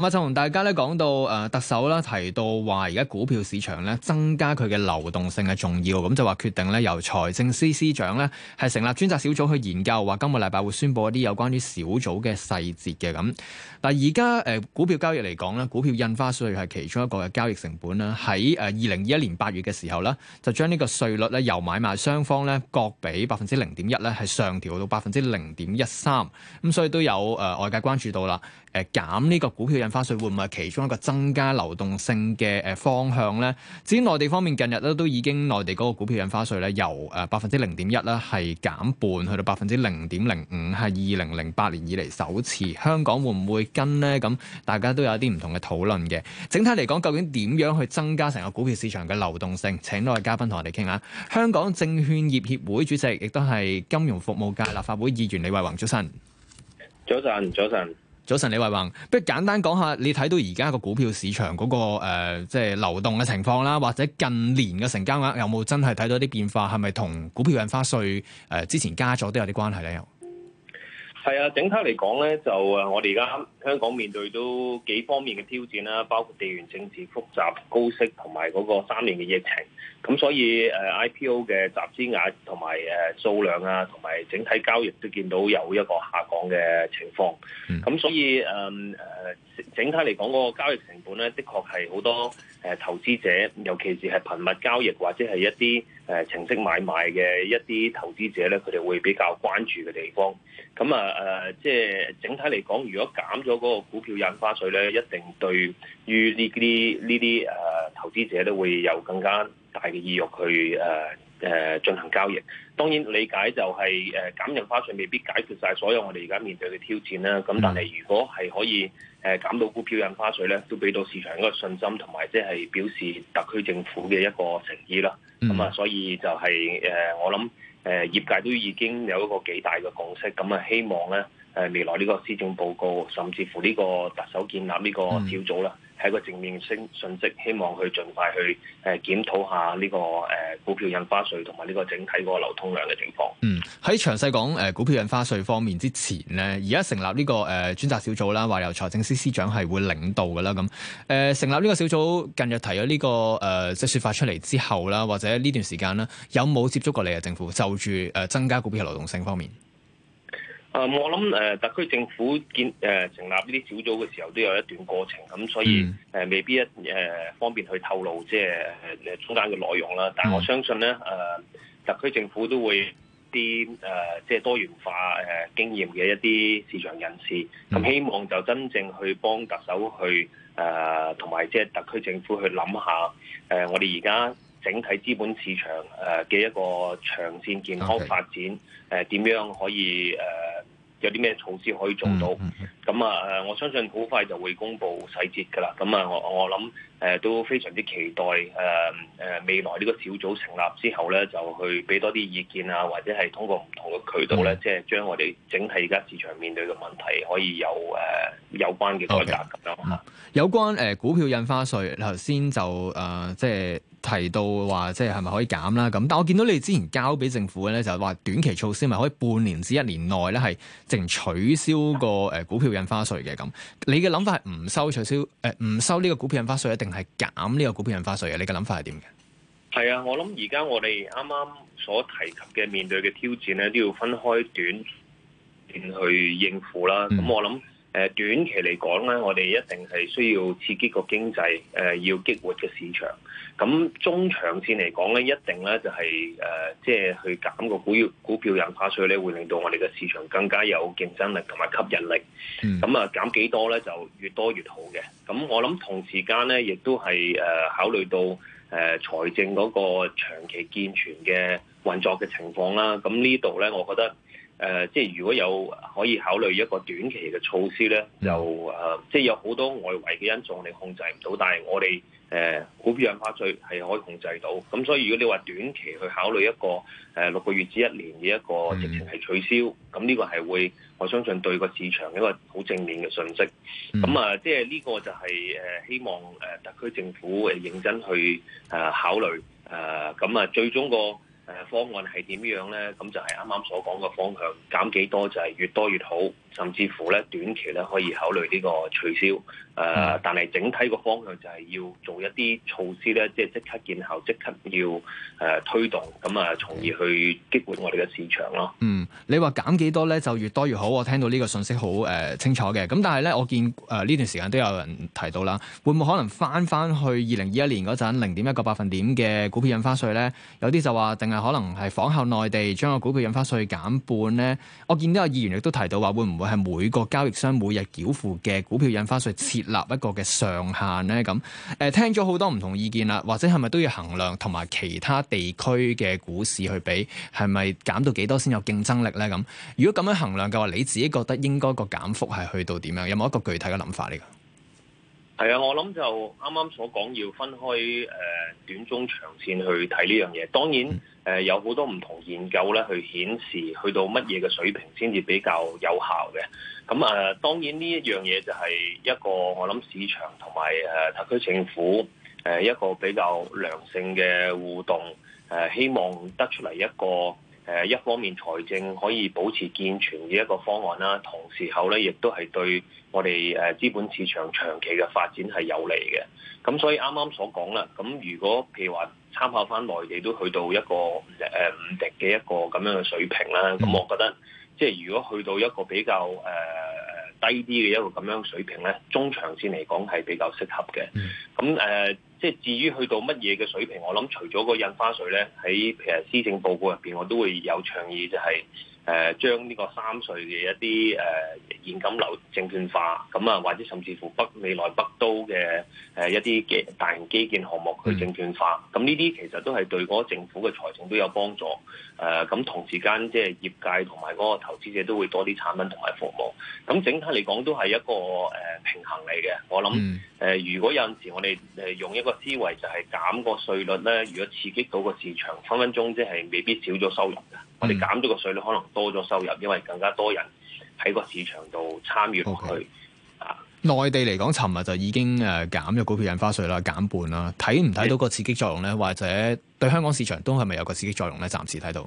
咁就同大家咧講到誒特首啦，提到話而家股票市場咧增加佢嘅流動性嘅重要，咁就話決定咧由財政司司長咧係成立專責小組去研究，話今個禮拜會宣布一啲有關於小組嘅細節嘅咁。但係而家誒股票交易嚟講咧，股票印花稅係其中一個嘅交易成本啦。喺誒二零二一年八月嘅時候咧，就將呢個稅率咧由買賣雙方咧各比百分之零點一咧係上調到百分之零點一三，咁、嗯、所以都有誒、呃、外界關注到啦。誒減呢個股票印花稅會唔會其中一個增加流動性嘅誒方向呢？至於內地方面，近日咧都已經內地嗰個股票印花稅咧由誒百分之零點一啦，係減半去到百分之零點零五，係二零零八年以嚟首次。香港會唔會跟呢？咁大家都有一啲唔同嘅討論嘅。整體嚟講，究竟點樣去增加成個股票市場嘅流動性？請多位嘉賓同我哋傾下。香港證券業協會主席，亦都係金融服務界立法會議員李惟宏，早晨。早晨，早晨。早晨，李惟宏，不如簡單講下你睇到而家個股票市場嗰、那個即係、呃就是、流動嘅情況啦，或者近年嘅成交額有冇真係睇到啲變化，係咪同股票印花稅誒、呃、之前加咗都有啲關係咧？係啊，整體嚟講咧，就誒，我哋而家香港面對都幾方面嘅挑戰啦，包括地緣政治複雜、高息同埋嗰個三年嘅疫情。咁所以誒 IPO 嘅集資額同埋誒數量啊，同埋整體交易都見到有一個下降嘅情況。咁、嗯、所以誒誒、嗯，整體嚟講嗰個交易成本咧，的確係好多誒投資者，尤其是係頻密交易或者係一啲，誒、呃、程式買賣嘅一啲投資者咧，佢哋會比較關注嘅地方。咁啊誒，即、呃、係、呃、整體嚟講，如果減咗嗰個股票印花稅咧，一定對於呢啲呢啲誒投資者都會有更加大嘅意欲去誒。呃誒、呃、進行交易，當然理解就係、是、誒、呃、減印花稅未必解決晒所有我哋而家面對嘅挑戰啦。咁但係如果係可以誒、呃、減到股票印花稅咧，都俾到市場一個信心，同埋即係表示特區政府嘅一個誠意啦。咁啊、嗯嗯，所以就係、是、誒、呃、我諗誒、呃、業界都已經有一個幾大嘅共識，咁、嗯、啊希望咧。誒未來呢個施政報告，甚至乎呢個特首建立呢個小組啦，係一個正面性訊息，希望佢盡快去誒、呃、檢討下呢、這個誒、呃、股票印花稅同埋呢個整體個流通量嘅情況。嗯，喺詳細講誒股票印花稅方面之前呢，而家成立呢、這個誒專責小組啦，話由財政司司長係會領導㗎啦，咁誒、呃、成立呢個小組近日提咗呢、這個誒即係説法出嚟之後啦，或者呢段時間啦，有冇接觸過你嘅政府就住誒、呃、增加股票嘅流動性方面？啊，我諗誒，特區政府建誒成立呢啲小組嘅時候，都有一段過程咁，所以誒未必一誒方便去透露即係誒中間嘅內容啦。但係我相信咧，誒特區政府都會啲誒即係多元化誒經驗嘅一啲市場人士，咁希望就真正去幫特首去誒同埋即係特區政府去諗下誒、啊，我哋而家整體資本市場誒嘅一個長線健康發展誒點 Okay.、啊、樣可以誒？啊有啲咩措施可以做到？咁啊，誒、呃，我相信好快就會公布細節噶啦。咁啊，我我諗誒、呃、都非常之期待誒誒、呃呃、未來呢個小組成立之後咧，就去俾多啲意見啊，或者係通過唔同嘅渠道咧，嗯、即係將我哋整體而家市場面對嘅問題可以有誒有關嘅改革咁樣。有關誒股票印花稅，頭先就誒、呃、即係。提到話即係係咪可以減啦咁，但我見到你之前交俾政府嘅咧就係話短期措施咪可以半年至一年內咧係淨取消個誒股票印花稅嘅咁，你嘅諗法係唔收取消誒唔、呃、收呢個股票印花稅，定係減呢個股票印花稅嘅？你嘅諗法係點嘅？係啊，我諗而家我哋啱啱所提及嘅面對嘅挑戰咧，都要分開短線去應付啦。咁我諗。誒短期嚟講咧，我哋一定係需要刺激個經濟，誒、呃、要激活嘅市場。咁中長線嚟講咧，一定咧就係、是、誒，即、呃、係、就是、去減個股票股票印花稅咧，會令到我哋嘅市場更加有競爭力同埋吸引力。咁啊、嗯，減幾多咧，就越多越好嘅。咁我諗同時間咧，亦都係誒考慮到誒財政嗰個長期健全嘅運作嘅情況啦。咁呢度咧，我覺得。誒、呃，即係如果有可以考慮一個短期嘅措施咧，就誒、呃，即係有好多外圍嘅因素我哋控制唔到，但係我哋誒、呃、股票印花稅係可以控制到。咁所以如果你話短期去考慮一個誒、呃、六個月至一年嘅一個疫情係取消，咁呢、嗯、個係會我相信對個市場一個好正面嘅訊息。咁啊，即係呢個就係、是、誒、呃、希望誒、呃、特區政府誒認真去誒、呃、考慮誒，咁、呃、啊、呃、最終個誒、啊、方案係點樣咧？咁就係啱啱所講嘅方向，減幾多就係越多越好，甚至乎咧短期咧可以考慮呢個取消。誒、啊，但係整體個方向就係要做一啲措施咧，即係即刻見效，即刻要誒、啊、推動，咁啊從而去激活我哋嘅市場咯。嗯，你話減幾多咧？就越多越好。我聽到呢個信息好誒清楚嘅。咁但係咧，我見誒呢、呃、段時間都有人提到啦，會唔會可能返返去二零二一年嗰陣零點一個百分點嘅股票印花稅咧？有啲就話定可能係仿效內地將個股票印花稅減半咧。我見到有議員亦都提到話，會唔會係每個交易商每日繳付嘅股票印花稅設立一個嘅上限咧？咁誒、呃，聽咗好多唔同意見啦，或者係咪都要衡量同埋其他地區嘅股市去比，係咪減到幾多先有競爭力咧？咁如果咁樣衡量嘅話，你自己覺得應該個減幅係去到點樣？有冇一個具體嘅諗法呢？係啊，我諗就啱啱所講要分開誒、呃、短中長線去睇呢樣嘢。當然誒、呃、有好多唔同研究咧，去顯示去到乜嘢嘅水平先至比較有效嘅。咁、嗯、啊、呃，當然呢一樣嘢就係一個我諗市場同埋誒特區政府誒、呃、一個比較良性嘅互動。誒、呃、希望得出嚟一個。誒一方面財政可以保持健全嘅一個方案啦，同時候咧亦都係對我哋誒資本市場長期嘅發展係有利嘅。咁所以啱啱所講啦，咁如果譬如話參考返內地都去到一個誒五跌嘅一個咁樣嘅水平啦，咁我覺得即係如果去到一個比較誒、呃、低啲嘅一個咁樣水平咧，中長線嚟講係比較適合嘅。咁誒。呃即係至於去到乜嘢嘅水平，我諗除咗個印花稅咧，喺譬如係施政報告入邊，我都會有倡議就係、是。誒將呢個三隧嘅一啲誒、呃、現金流證券化，咁啊，或者甚至乎北未來北都嘅誒、呃、一啲嘅大型基建項目去證券化，咁呢啲其實都係對嗰個政府嘅財政都有幫助。誒、呃、咁同時間即係業界同埋嗰個投資者都會多啲產品同埋服務。咁整體嚟講都係一個誒、呃、平衡嚟嘅。我諗誒、嗯呃，如果有陣時我哋誒用一個思維就係減個稅率咧，如果刺激到個市場，分分鐘即係未必少咗收入㗎。我哋減咗個稅，咧、嗯、可能多咗收入，因為更加多人喺個市場度參與落去。Okay. 啊，內地嚟講，尋日就已經誒減咗股票印花稅啦，減半啦。睇唔睇到個刺激作用呢？或者對香港市場都係咪有個刺激作用呢？暫時睇到。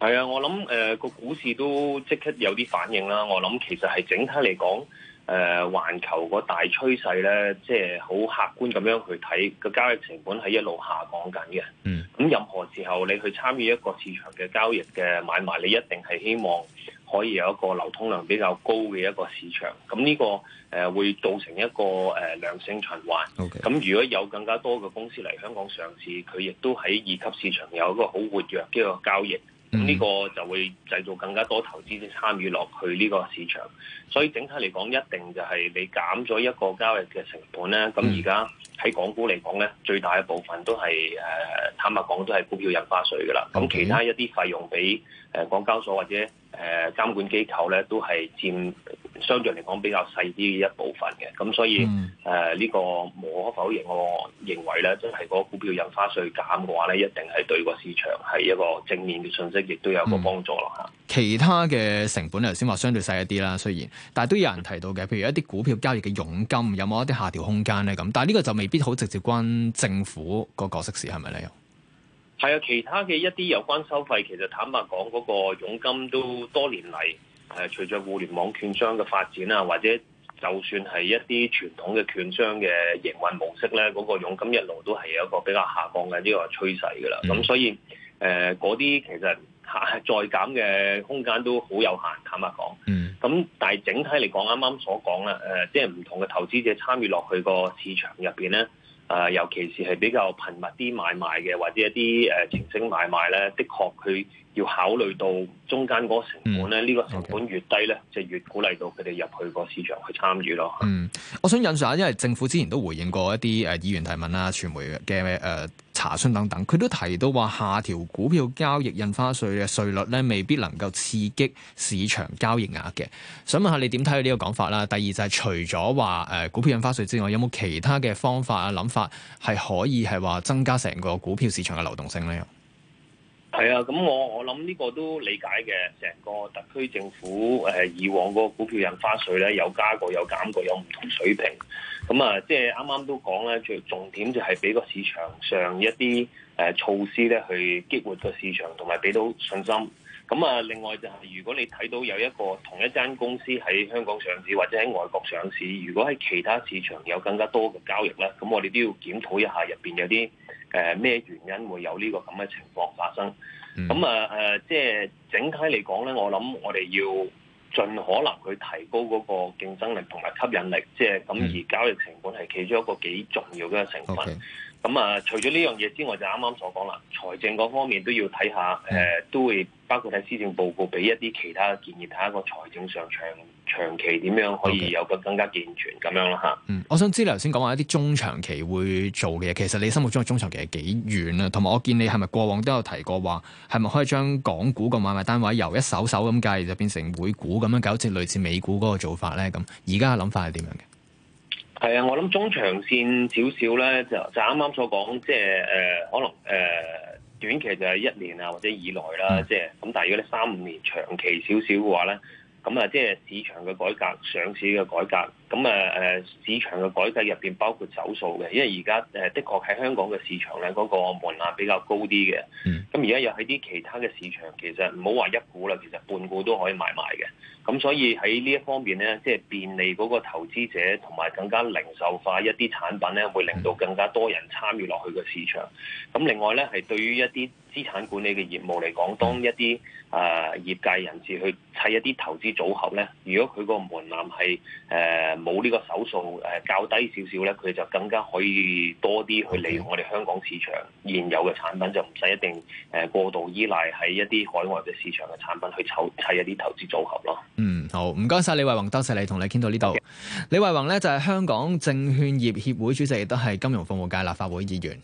係啊，我諗誒個股市都即刻有啲反應啦。我諗其實係整體嚟講。誒，環、uh, 球個大趨勢咧，即係好客觀咁樣去睇個交易成本係一路下降緊嘅。嗯，咁任何時候你去參與一個市場嘅交易嘅買賣，你一定係希望可以有一個流通量比較高嘅一個市場。咁呢、呢個誒、呃、會造成一個誒、呃、良性循環。o Okay .咁如果有更加多嘅公司嚟香港上市，佢亦都喺二級市場有一個好活躍嘅一個交易，咁呢、嗯、個就會製造更加多投資者參與落去呢個市場，所以整體嚟講，一定就係你減咗一個交易嘅成本咧。咁而家喺港股嚟講咧，最大嘅部分都係誒、呃，坦白講都係股票印花稅噶啦。咁其他一啲費用俾誒、呃、港交所或者誒、呃、監管機構咧，都係佔，相對嚟講比較細啲一部分嘅，咁所以誒嗯，呃，呢個無可否認，我認為咧，真係個股票印花稅減嘅話咧，一定係對個市場係一個正面嘅信息，亦都有個幫助咯嚇、嗯。其他嘅成本，頭先話相對細一啲啦，雖然，但係都有人提到嘅，譬如一啲股票交易嘅佣金，有冇一啲下調空間咧？咁，但係呢個就未必好直接關政府個角色事係咪咧？又係啊！其他嘅一啲有關收費，其實坦白講，嗰個佣金都多年嚟。誒，隨着互聯網券商嘅發展啦，或者就算係一啲傳統嘅券商嘅營運模式咧，嗰、那個佣金一路都係有一個比較下降嘅呢、這個趨勢噶啦。咁、嗯、所以誒，嗰、呃、啲其實係再減嘅空間都好有限，坦白講。咁、嗯、但係整體嚟講，啱啱所講啦，誒、呃，即係唔同嘅投資者參與落去個市場入邊咧。誒、呃，尤其是係比較頻密啲買賣嘅，或者一啲誒、呃、程式買賣咧，的確佢要考慮到中間嗰個成本咧，呢、嗯、個成本越低咧，就、嗯、越鼓勵到佢哋入去個市場去參與咯。嗯，我想引述下，因為政府之前都回應過一啲誒、呃、議員提問啦，傳媒嘅誒、呃查詢等等，佢都提到話下調股票交易印花稅嘅稅率咧，未必能夠刺激市場交易額嘅。想問下你點睇呢個講法啦。第二就係除咗話誒股票印花稅之外，有冇其他嘅方法啊、諗法係可以係話增加成個股票市場嘅流動性咧？係啊，咁我我諗呢個都理解嘅。成個特區政府誒、呃、以往個股票印花稅咧，有加過，有減過，有唔同水平。咁啊，即係啱啱都講啦，最重點就係俾個市場上一啲誒措施咧，去激活個市場，同埋俾到信心。咁、嗯、啊，另外就係、是、如果你睇到有一個同一間公司喺香港上市或者喺外國上市，如果喺其他市場有更加多嘅交易咧，咁我哋都要檢討一下入邊有啲誒咩原因會有呢、這個咁嘅情況發生。咁啊誒，即係、嗯嗯呃、整體嚟講咧，我諗我哋要。盡可能去提高嗰個競爭力同埋吸引力，即係咁而交易成本係其中一個幾重要嘅成分。咁 Okay. 啊，除咗呢樣嘢之外，就啱啱所講啦，財政嗰方面都要睇下，誒、呃、都會包括睇施政報告，俾一啲其他嘅建議，睇下個財政上場。長期點樣可以有個更加健全咁 Okay. 樣咯嚇？嗯，我想知你頭先講話一啲中長期會做嘅嘢，其實你心目中嘅中長期係幾遠啊？同埋我見你係咪過往都有提過話，係咪可以將港股個買賣單位由一手手咁計，就變成每股咁樣，好似類似美股嗰個做法咧？咁而家嘅諗法係點樣嘅？係啊，我諗中長線少少咧，就就啱啱所講，即係誒、呃，可能誒、呃、短期就係一年啊或者以內啦，即係咁。但係如果你三五年長期少少嘅話咧。咁啊，即係市場嘅改革，上市嘅改革。咁誒誒市場嘅改革入邊包括走數嘅，因為而家誒的確喺香港嘅市場咧，嗰個門檻比較高啲嘅。咁而家又喺啲其他嘅市場，其實唔好話一股啦，其實半股都可以買賣嘅。咁所以喺呢一方面咧，即係便利嗰個投資者同埋更加零售化一啲產品咧，會令到更加多人參與落去個市場。咁另外咧，係對於一啲資產管理嘅業務嚟講，當一啲啊業界人士去砌一啲投資組合咧，如果佢個門檻係誒。啊冇呢個手數誒較、呃、低少少咧，佢就更加可以多啲去利用我哋香港市場 Okay. 現有嘅產品，就唔使一定誒過度依賴喺一啲海外嘅市場嘅產品去籌砌一啲投資組合咯。嗯，好，唔該晒，李惟宏，多謝你同你哋傾到 Okay. 呢度。李惟宏咧就係、是、香港證券業協會主席，亦都係金融服務界立法會議員。